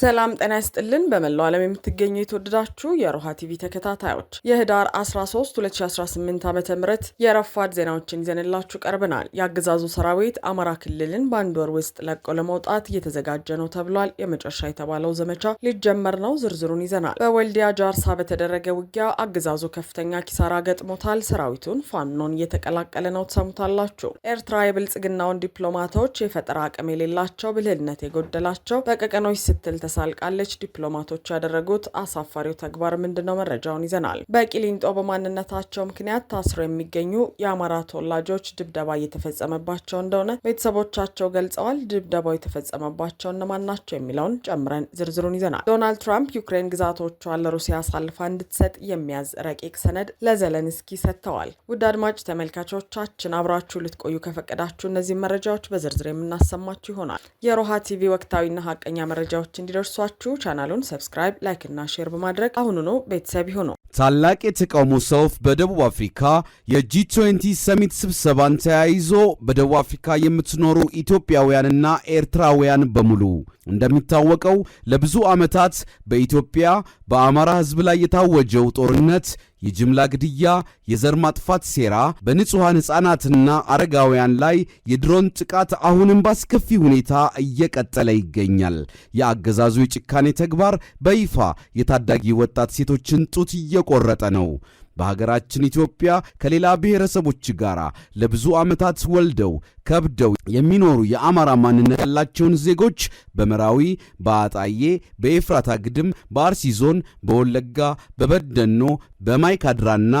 ሰላም ጤና ይስጥልን። በመላው ዓለም የምትገኙ የተወደዳችሁ የሮሃ ቲቪ ተከታታዮች የህዳር 13 2018 ዓ ም የረፋድ ዜናዎችን ይዘንላችሁ ቀርበናል። የአገዛዙ ሰራዊት አማራ ክልልን በአንድ ወር ውስጥ ለቆ ለመውጣት እየተዘጋጀ ነው ተብሏል። የመጨረሻ የተባለው ዘመቻ ሊጀመር ነው። ዝርዝሩን ይዘናል። በወልዲያ ጃርሳ በተደረገ ውጊያ አገዛዙ ከፍተኛ ኪሳራ ገጥሞታል። ሰራዊቱን ፋኖን እየተቀላቀለ ነው። ትሰሙታላችሁ። ኤርትራ የብልጽግናውን ዲፕሎማቶች የፈጠራ አቅም የሌላቸው ብልህነት የጎደላቸው በቀቀኖች ስትል ተሳልቃለች። ዲፕሎማቶች ያደረጉት አሳፋሪው ተግባር ምንድነው? መረጃውን ይዘናል። በቂሊንጦ በማንነታቸው ምክንያት ታስረው የሚገኙ የአማራ ተወላጆች ድብደባ እየተፈጸመባቸው እንደሆነ ቤተሰቦቻቸው ገልጸዋል። ድብደባው የተፈጸመባቸው እነማን ናቸው የሚለውን ጨምረን ዝርዝሩን ይዘናል። ዶናልድ ትራምፕ ዩክሬን ግዛቶቿን ለሩሲያ አሳልፋ እንድትሰጥ የሚያዝ ረቂቅ ሰነድ ለዘለንስኪ ሰጥተዋል። ውድ አድማጭ ተመልካቾቻችን አብራችሁ ልትቆዩ ከፈቀዳችሁ እነዚህ መረጃዎች በዝርዝር የምናሰማችሁ ይሆናል። የሮሃ ቲቪ ወቅታዊና ሀቀኛ መረጃዎች እንዲ እንዲደርሷችሁ ቻናሉን ሰብስክራይብ፣ ላይክና ሼር በማድረግ አሁኑኑ ቤተሰብ ይሁኑ። ታላቅ የተቃውሞ ሰልፍ በደቡብ አፍሪካ የጂ20 ሰሚት ስብሰባን ተያይዞ በደቡብ አፍሪካ የምትኖሩ ኢትዮጵያውያንና ኤርትራውያን በሙሉ እንደሚታወቀው ለብዙ ዓመታት በኢትዮጵያ በአማራ ሕዝብ ላይ የታወጀው ጦርነት የጅምላ ግድያ፣ የዘር ማጥፋት ሴራ፣ በንጹሐን ሕፃናትና አረጋውያን ላይ የድሮን ጥቃት አሁንም በአስከፊ ሁኔታ እየቀጠለ ይገኛል። የአገዛዙ የጭካኔ ተግባር በይፋ የታዳጊ ወጣት ሴቶችን ጡት እየቆረጠ ነው። በሀገራችን ኢትዮጵያ ከሌላ ብሔረሰቦች ጋር ለብዙ ዓመታት ወልደው ከብደው የሚኖሩ የአማራ ማንነት ያላቸውን ዜጎች በመራዊ፣ በአጣዬ፣ በኤፍራታ ግድም፣ በአርሲ ዞን፣ በወለጋ፣ በበደኖ፣ በማይካድራና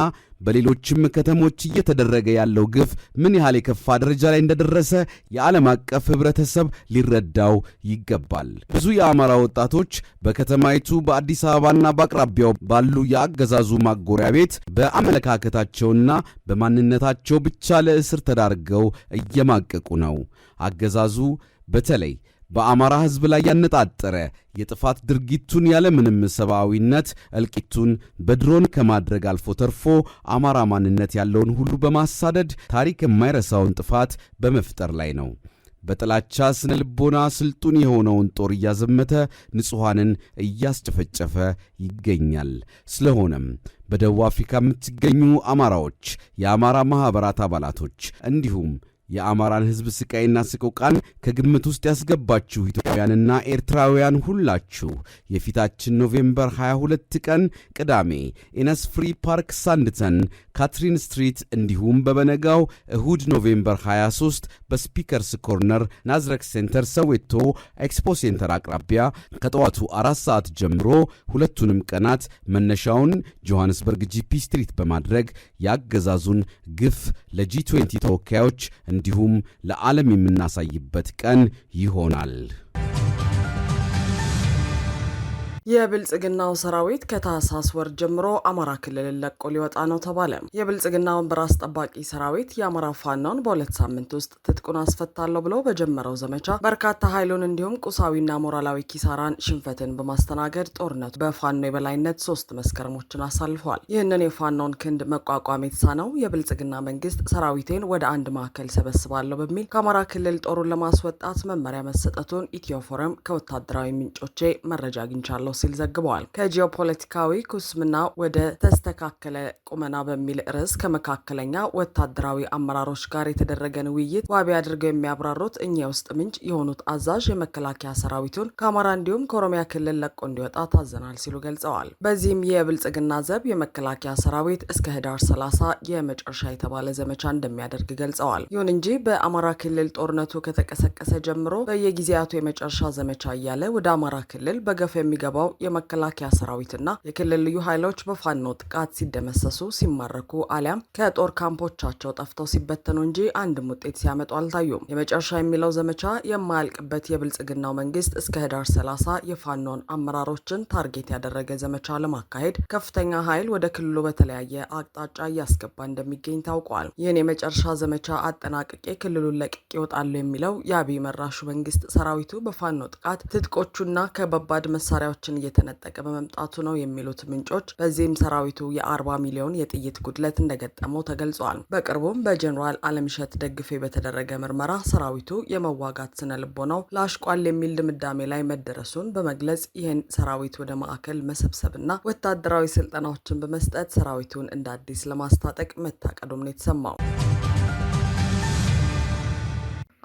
በሌሎችም ከተሞች እየተደረገ ያለው ግፍ ምን ያህል የከፋ ደረጃ ላይ እንደደረሰ የዓለም አቀፍ ህብረተሰብ ሊረዳው ይገባል። ብዙ የአማራ ወጣቶች በከተማይቱ በአዲስ አበባና በአቅራቢያው ባሉ የአገዛዙ ማጎሪያ ቤት በአመለካከታቸውና በማንነታቸው ብቻ ለእስር ተዳርገው እየማቀቁ ነው። አገዛዙ በተለይ በአማራ ሕዝብ ላይ ያነጣጠረ የጥፋት ድርጊቱን ያለምንም ሰብአዊነት እልቂቱን በድሮን ከማድረግ አልፎ ተርፎ አማራ ማንነት ያለውን ሁሉ በማሳደድ ታሪክ የማይረሳውን ጥፋት በመፍጠር ላይ ነው። በጥላቻ ስነ ልቦና ስልጡን የሆነውን ጦር እያዘመተ ንጹሐንን እያስጨፈጨፈ ይገኛል። ስለሆነም በደቡብ አፍሪካ የምትገኙ አማራዎች፣ የአማራ ማኅበራት አባላቶች እንዲሁም የአማራን ሕዝብ ስቃይና ስቆቃን ከግምት ውስጥ ያስገባችሁ ኢትዮጵያውያንና ኤርትራውያን ሁላችሁ የፊታችን ኖቬምበር 22 ቀን ቅዳሜ ኢነስፍሪ ፓርክ ሳንድተን ካትሪን ስትሪት እንዲሁም በበነጋው እሁድ ኖቬምበር 23 በስፒከርስ ኮርነር ናዝረክ ሴንተር ሰዌቶ ኤክስፖ ሴንተር አቅራቢያ ከጠዋቱ አራት ሰዓት ጀምሮ ሁለቱንም ቀናት መነሻውን ጆሐንስበርግ ጂፒ ስትሪት በማድረግ ያገዛዙን ግፍ ለጂ20 ተወካዮች እንዲሁም ለዓለም የምናሳይበት ቀን ይሆናል። የብልጽግናው ሰራዊት ከታህሳስ ወር ጀምሮ አማራ ክልልን ለቆ ሊወጣ ነው ተባለ። የብልጽግና ወንበር አስጠባቂ ሰራዊት የአማራ ፋናውን በሁለት ሳምንት ውስጥ ትጥቁን አስፈታለሁ ብሎ በጀመረው ዘመቻ በርካታ ኃይሉን እንዲሁም ቁሳዊና ሞራላዊ ኪሳራን ሽንፈትን በማስተናገድ ጦርነቱ በፋኖ የበላይነት ሶስት መስከረሞችን አሳልፏል። ይህንን የፋኖን ክንድ መቋቋም የተሳነው የብልጽግና መንግስት ሰራዊቴን ወደ አንድ ማዕከል ሰበስባለሁ በሚል ከአማራ ክልል ጦሩን ለማስወጣት መመሪያ መሰጠቱን ኢትዮፎረም ከወታደራዊ ምንጮቼ መረጃ አግኝቻለሁ ሲል ዘግበዋል። ከጂኦፖለቲካዊ ኩስምና ወደ ተስተካከለ ቁመና በሚል ርዕስ ከመካከለኛ ወታደራዊ አመራሮች ጋር የተደረገን ውይይት ዋቢ አድርገው የሚያብራሩት እኚህ የውስጥ ምንጭ የሆኑት አዛዥ የመከላከያ ሰራዊቱን ከአማራ እንዲሁም ከኦሮሚያ ክልል ለቆ እንዲወጣ ታዘናል ሲሉ ገልጸዋል። በዚህም የብልጽግና ዘብ የመከላከያ ሰራዊት እስከ ህዳር 30 የመጨረሻ የተባለ ዘመቻ እንደሚያደርግ ገልጸዋል። ይሁን እንጂ በአማራ ክልል ጦርነቱ ከተቀሰቀሰ ጀምሮ በየጊዜያቱ የመጨረሻ ዘመቻ እያለ ወደ አማራ ክልል በገፍ የሚገባው የገባው የመከላከያ ሰራዊትና የክልል ልዩ ኃይሎች በፋኖ ጥቃት ሲደመሰሱ፣ ሲማረኩ አሊያም ከጦር ካምፖቻቸው ጠፍተው ሲበተኑ እንጂ አንድም ውጤት ሲያመጡ አልታዩም። የመጨረሻ የሚለው ዘመቻ የማያልቅበት የብልጽግናው መንግስት እስከ ህዳር 30 የፋኖን አመራሮችን ታርጌት ያደረገ ዘመቻ ለማካሄድ ከፍተኛ ኃይል ወደ ክልሉ በተለያየ አቅጣጫ እያስገባ እንደሚገኝ ታውቋል። ይህን የመጨረሻ ዘመቻ አጠናቅቄ ክልሉን ለቅቄ ይወጣሉ የሚለው የአብይ መራሹ መንግስት ሰራዊቱ በፋኖ ጥቃት ትጥቆቹና ከባባድ መሳሪያዎችን ሰዎችን እየተነጠቀ በመምጣቱ ነው የሚሉት ምንጮች። በዚህም ሰራዊቱ የ40 ሚሊዮን የጥይት ጉድለት እንደገጠመው ተገልጿል። በቅርቡም በጀኔራል አለምሸት ደግፌ በተደረገ ምርመራ ሰራዊቱ የመዋጋት ስነ ልቦናው ላሽቋል የሚል ድምዳሜ ላይ መደረሱን በመግለጽ ይህን ሰራዊት ወደ ማዕከል መሰብሰብና ወታደራዊ ስልጠናዎችን በመስጠት ሰራዊቱን እንደ አዲስ ለማስታጠቅ መታቀዱም ነው የተሰማው።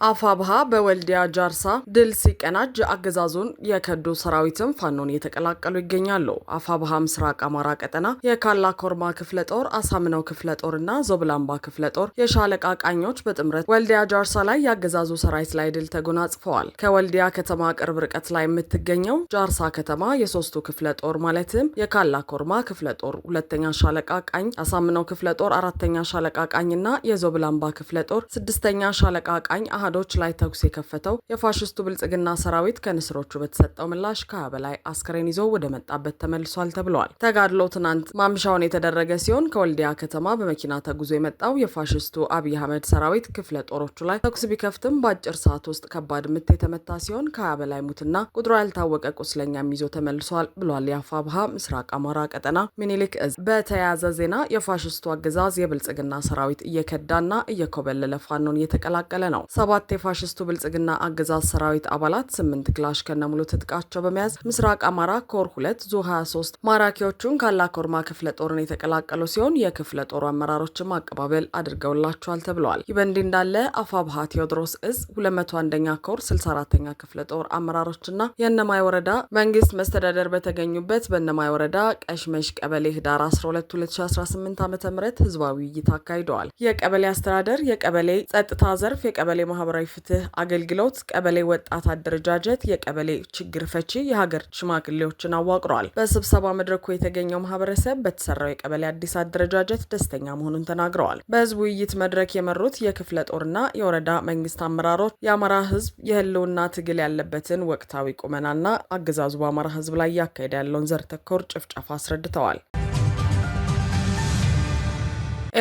አፋብሃ በወልዲያ ጃርሳ ድል ሲቀናጅ አገዛዙን የከዱ ሰራዊትም ፋኖን እየተቀላቀሉ ይገኛሉ። አፋብሃ ምስራቅ አማራ ቀጠና የካላ ኮርማ ክፍለ ጦር፣ አሳምነው ክፍለ ጦር እና ዞብላምባ ክፍለ ጦር የሻለቃ ቃኞች በጥምረት ወልዲያ ጃርሳ ላይ የአገዛዙ ሰራዊት ላይ ድል ተጎናጽፈዋል። ከወልዲያ ከተማ ቅርብ ርቀት ላይ የምትገኘው ጃርሳ ከተማ የሶስቱ ክፍለ ጦር ማለትም የካላ ኮርማ ክፍለ ጦር ሁለተኛ ሻለቃ ቃኝ፣ አሳምነው ክፍለ ጦር አራተኛ ሻለቃ ቃኝ እና የዞብላምባ ክፍለ ጦር ስድስተኛ ሻለቃ ቃኝ ጎሳዶች ላይ ተኩስ የከፈተው የፋሽስቱ ብልጽግና ሰራዊት ከንስሮቹ በተሰጠው ምላሽ ከሀያ በላይ አስከሬን ይዞ ወደ መጣበት ተመልሷል ተብለዋል። ተጋድሎ ትናንት ማምሻውን የተደረገ ሲሆን ከወልዲያ ከተማ በመኪና ተጉዞ የመጣው የፋሽስቱ አብይ አህመድ ሰራዊት ክፍለ ጦሮቹ ላይ ተኩስ ቢከፍትም በአጭር ሰዓት ውስጥ ከባድ ምት የተመታ ሲሆን ከሀያ በላይ ሙትና ቁጥሩ ያልታወቀ ቁስለኛም ይዞ ተመልሷል ብሏል። የአፋብሃ ምስራቅ አማራ ቀጠና ሚኒሊክ እዝ። በተያያዘ ዜና የፋሽስቱ አገዛዝ የብልጽግና ሰራዊት እየከዳና እየኮበለለ ፋኖን እየተቀላቀለ ነው። ሰባት ሰባት የፋሽስቱ ብልጽግና አገዛዝ ሰራዊት አባላት ስምንት ክላሽ ከነሙሉ ትጥቃቸው በመያዝ ምስራቅ አማራ ኮር ሁለት ዙ 23 ማራኪዎቹን ካላ ኮርማ ክፍለ ጦርን የተቀላቀሉ ሲሆን የክፍለ ጦሩ አመራሮችም አቀባበል አድርገውላቸዋል ተብለዋል። ይህ በእንዲህ እንዳለ አፋብሃ ቴዎድሮስ እዝ 201ኛ ኮር 64ኛ ክፍለ ጦር አመራሮችና የእነማይ ወረዳ መንግስት መስተዳደር በተገኙበት በእነማይ ወረዳ ቀሽመሽ ቀበሌ ህዳር 12 2018 ዓ ም ህዝባዊ ውይይት አካሂደዋል። የቀበሌ አስተዳደር፣ የቀበሌ ጸጥታ ዘርፍ፣ የቀበሌ ማህበ ማህበራዊ ፍትህ አገልግሎት ቀበሌ ወጣት አደረጃጀት፣ የቀበሌ ችግር ፈቺ የሀገር ሽማግሌዎችን አዋቅሯል። በስብሰባ መድረኩ የተገኘው ማህበረሰብ በተሰራው የቀበሌ አዲስ አደረጃጀት ደስተኛ መሆኑን ተናግረዋል። በህዝብ ውይይት መድረክ የመሩት የክፍለ ጦርና የወረዳ መንግስት አመራሮች የአማራ ህዝብ የህልውና ትግል ያለበትን ወቅታዊ ቁመናና አገዛዙ በአማራ ህዝብ ላይ እያካሄደ ያለውን ዘር ተኮር ጭፍጨፋ አስረድተዋል።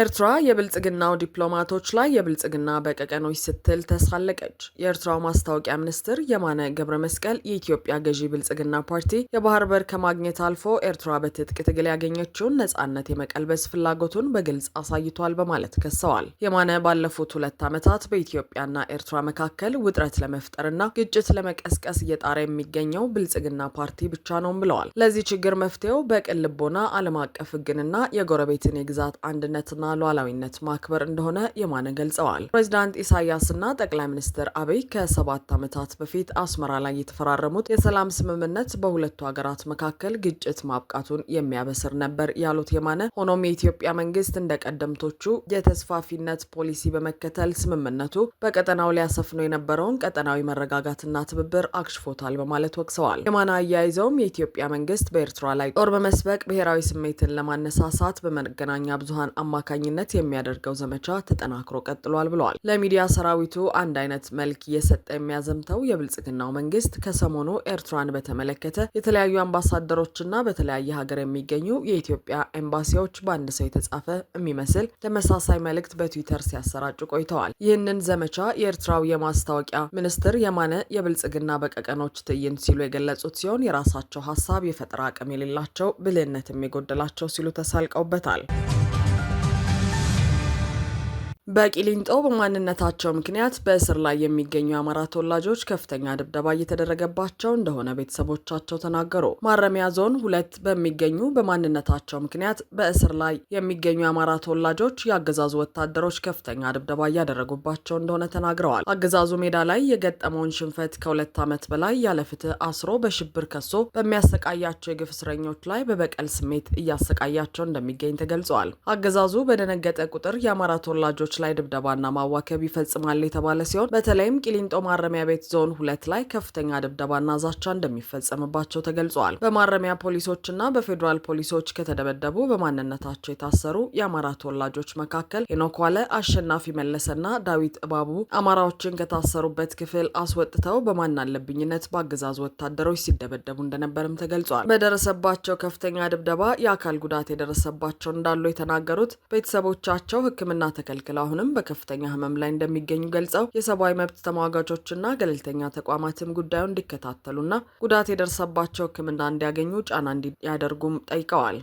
ኤርትራ የብልጽግናው ዲፕሎማቶች ላይ የብልጽግና በቀቀኖች ስትል ተሳለቀች። የኤርትራው ማስታወቂያ ሚኒስትር የማነ ገብረ መስቀል የኢትዮጵያ ገዢ ብልጽግና ፓርቲ የባህር በር ከማግኘት አልፎ ኤርትራ በትጥቅ ትግል ያገኘችውን ነጻነት የመቀልበስ ፍላጎቱን በግልጽ አሳይቷል በማለት ከሰዋል። የማነ ባለፉት ሁለት ዓመታት በኢትዮጵያና ኤርትራ መካከል ውጥረት ለመፍጠርና ግጭት ለመቀስቀስ እየጣረ የሚገኘው ብልጽግና ፓርቲ ብቻ ነው ብለዋል። ለዚህ ችግር መፍትሄው በቅን ልቦና ዓለም አቀፍ ሕግንና የጎረቤትን የግዛት አንድነትና ሉዓላዊነት ማክበር እንደሆነ የማነ ገልጸዋል። ፕሬዚዳንት ኢሳያስና ጠቅላይ ሚኒስትር አብይ ከሰባት ዓመታት በፊት አስመራ ላይ የተፈራረሙት የሰላም ስምምነት በሁለቱ ሀገራት መካከል ግጭት ማብቃቱን የሚያበስር ነበር ያሉት የማነ፣ ሆኖም የኢትዮጵያ መንግስት እንደ ቀደምቶቹ የተስፋፊነት ፖሊሲ በመከተል ስምምነቱ በቀጠናው ሊያሰፍነው የነበረውን ቀጠናዊ መረጋጋትና ትብብር አክሽፎታል በማለት ወቅሰዋል። የማነ አያይዘውም የኢትዮጵያ መንግስት በኤርትራ ላይ ጦር በመስበቅ ብሔራዊ ስሜትን ለማነሳሳት በመገናኛ ብዙሀን አማካኝ ቁርጠኝነት የሚያደርገው ዘመቻ ተጠናክሮ ቀጥሏል ብለዋል። ለሚዲያ ሰራዊቱ አንድ አይነት መልክ እየሰጠ የሚያዘምተው የብልጽግናው መንግስት ከሰሞኑ ኤርትራን በተመለከተ የተለያዩ አምባሳደሮችና በተለያየ ሀገር የሚገኙ የኢትዮጵያ ኤምባሲዎች በአንድ ሰው የተጻፈ የሚመስል ተመሳሳይ መልእክት በትዊተር ሲያሰራጩ ቆይተዋል። ይህንን ዘመቻ የኤርትራው የማስታወቂያ ሚኒስትር የማነ የብልጽግና በቀቀኖች ትዕይንት ሲሉ የገለጹት ሲሆን የራሳቸው ሀሳብ የፈጠራ አቅም የሌላቸው ብልህነት የሚጎደላቸው ሲሉ ተሳልቀውበታል። በቂሊንጦ በማንነታቸው ምክንያት በእስር ላይ የሚገኙ የአማራ ተወላጆች ከፍተኛ ድብደባ እየተደረገባቸው እንደሆነ ቤተሰቦቻቸው ተናገሩ። ማረሚያ ዞን ሁለት በሚገኙ በማንነታቸው ምክንያት በእስር ላይ የሚገኙ የአማራ ተወላጆች የአገዛዙ ወታደሮች ከፍተኛ ድብደባ እያደረጉባቸው እንደሆነ ተናግረዋል። አገዛዙ ሜዳ ላይ የገጠመውን ሽንፈት ከሁለት ዓመት በላይ ያለ ፍትህ አስሮ በሽብር ከሶ በሚያሰቃያቸው የግፍ እስረኞች ላይ በበቀል ስሜት እያሰቃያቸው እንደሚገኝ ተገልጸዋል። አገዛዙ በደነገጠ ቁጥር የአማራ ተወላጆች ላይ ድብደባና ማዋከብ ይፈጽማል የተባለ ሲሆን በተለይም ቂሊንጦ ማረሚያ ቤት ዞን ሁለት ላይ ከፍተኛ ድብደባና ዛቻ እንደሚፈጸምባቸው ተገልጿል። በማረሚያ ፖሊሶችና በፌዴራል ፖሊሶች ከተደበደቡ በማንነታቸው የታሰሩ የአማራ ተወላጆች መካከል የኖኳለ አሸናፊ መለሰና ዳዊት እባቡ አማራዎችን ከታሰሩበት ክፍል አስወጥተው በማናለብኝነት በአገዛዙ ወታደሮች ሲደበደቡ እንደነበርም ተገልጿል። በደረሰባቸው ከፍተኛ ድብደባ የአካል ጉዳት የደረሰባቸው እንዳሉ የተናገሩት ቤተሰቦቻቸው ሕክምና ተከልክለው አሁንም በከፍተኛ ህመም ላይ እንደሚገኙ ገልጸው የሰብአዊ መብት ተሟጋቾችና ገለልተኛ ተቋማትም ጉዳዩን እንዲከታተሉና ጉዳት የደረሰባቸው ሕክምና እንዲያገኙ ጫና ያደርጉም ጠይቀዋል።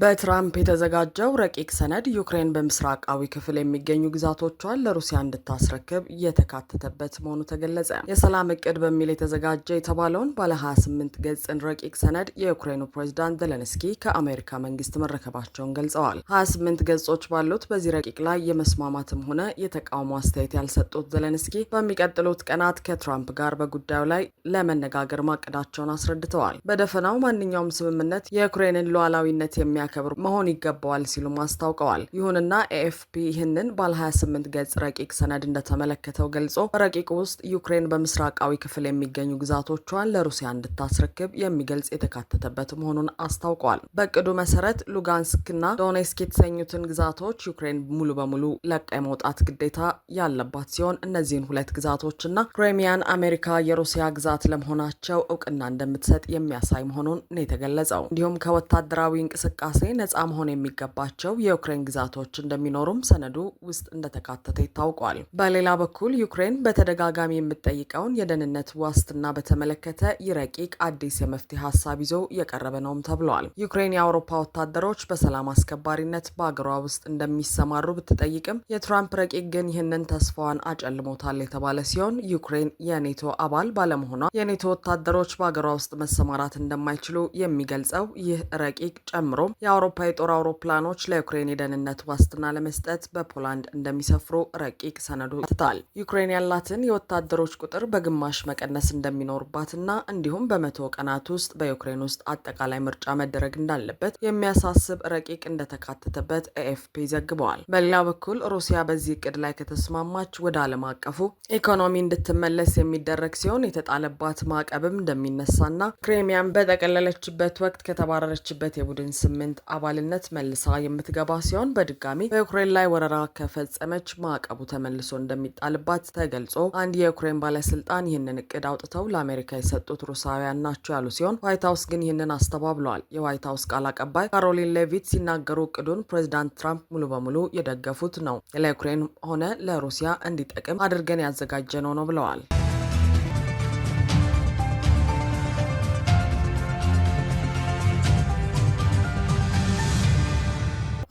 በትራምፕ የተዘጋጀው ረቂቅ ሰነድ ዩክሬን በምስራቃዊ ክፍል የሚገኙ ግዛቶቿን ለሩሲያ እንድታስረክብ እየተካተተበት መሆኑ ተገለጸ። የሰላም እቅድ በሚል የተዘጋጀ የተባለውን ባለ 28 ገጽን ረቂቅ ሰነድ የዩክሬኑ ፕሬዚዳንት ዘለንስኪ ከአሜሪካ መንግስት መረከባቸውን ገልጸዋል። 28 ገጾች ባሉት በዚህ ረቂቅ ላይ የመስማማትም ሆነ የተቃውሞ አስተያየት ያልሰጡት ዘለንስኪ በሚቀጥሉት ቀናት ከትራምፕ ጋር በጉዳዩ ላይ ለመነጋገር ማቀዳቸውን አስረድተዋል። በደፈናው ማንኛውም ስምምነት የዩክሬንን ሉዓላዊነት የሚያ የሚያከብር መሆን ይገባዋል ሲሉም አስታውቀዋል። ይሁንና ኤኤፍፒ ይህንን ባለ 28 ገጽ ረቂቅ ሰነድ እንደተመለከተው ገልጾ ረቂቁ ውስጥ ዩክሬን በምስራቃዊ ክፍል የሚገኙ ግዛቶቿን ለሩሲያ እንድታስረክብ የሚገልጽ የተካተተበት መሆኑን አስታውቀዋል። በእቅዱ መሰረት ሉጋንስክና ዶኔስክ የተሰኙትን ግዛቶች ዩክሬን ሙሉ በሙሉ ለቃ የመውጣት ግዴታ ያለባት ሲሆን እነዚህን ሁለት ግዛቶችና ክሬሚያን አሜሪካ የሩሲያ ግዛት ለመሆናቸው እውቅና እንደምትሰጥ የሚያሳይ መሆኑን ነው የተገለጸው። እንዲሁም ከወታደራዊ እንቅስቃሴ እንቅስቃሴ ነፃ መሆን የሚገባቸው የዩክሬን ግዛቶች እንደሚኖሩም ሰነዱ ውስጥ እንደተካተተ ይታውቋል። በሌላ በኩል ዩክሬን በተደጋጋሚ የምትጠይቀውን የደህንነት ዋስትና በተመለከተ ይረቂቅ ረቂቅ አዲስ የመፍትሄ ሀሳብ ይዞ የቀረበ ነውም ተብሏል። ዩክሬን የአውሮፓ ወታደሮች በሰላም አስከባሪነት በአገሯ ውስጥ እንደሚሰማሩ ብትጠይቅም የትራምፕ ረቂቅ ግን ይህንን ተስፋዋን አጨልሞታል የተባለ ሲሆን ዩክሬን የኔቶ አባል ባለመሆኗ የኔቶ ወታደሮች በአገሯ ውስጥ መሰማራት እንደማይችሉ የሚገልጸው ይህ ረቂቅ ጨምሮም የአውሮፓ የጦር አውሮፕላኖች ለዩክሬን የደህንነት ዋስትና ለመስጠት በፖላንድ እንደሚሰፍሩ ረቂቅ ሰነዱ ትታል። ዩክሬን ያላትን የወታደሮች ቁጥር በግማሽ መቀነስ እንደሚኖርባትና እንዲሁም በመቶ ቀናት ውስጥ በዩክሬን ውስጥ አጠቃላይ ምርጫ መደረግ እንዳለበት የሚያሳስብ ረቂቅ እንደተካተተበት ኤኤፍፒ ዘግበዋል። በሌላ በኩል ሩሲያ በዚህ እቅድ ላይ ከተስማማች ወደ ዓለም አቀፉ ኢኮኖሚ እንድትመለስ የሚደረግ ሲሆን የተጣለባት ማዕቀብም እንደሚነሳና ክሬሚያን በጠቀለለችበት ወቅት ከተባረረችበት የቡድን ስምንት ፓርላመንት አባልነት መልሳ የምትገባ ሲሆን በድጋሚ በዩክሬን ላይ ወረራ ከፈጸመች ማዕቀቡ ተመልሶ እንደሚጣልባት ተገልጾ አንድ የዩክሬን ባለስልጣን ይህንን እቅድ አውጥተው ለአሜሪካ የሰጡት ሩሳውያን ናቸው ያሉ ሲሆን ዋይት ሀውስ ግን ይህንን አስተባብለዋል። የዋይት ሀውስ ቃል አቀባይ ካሮሊን ሌቪት ሲናገሩ እቅዱን ፕሬዚዳንት ትራምፕ ሙሉ በሙሉ የደገፉት ነው፣ ለዩክሬን ሆነ ለሩሲያ እንዲጠቅም አድርገን ያዘጋጀ ነው ነው ብለዋል።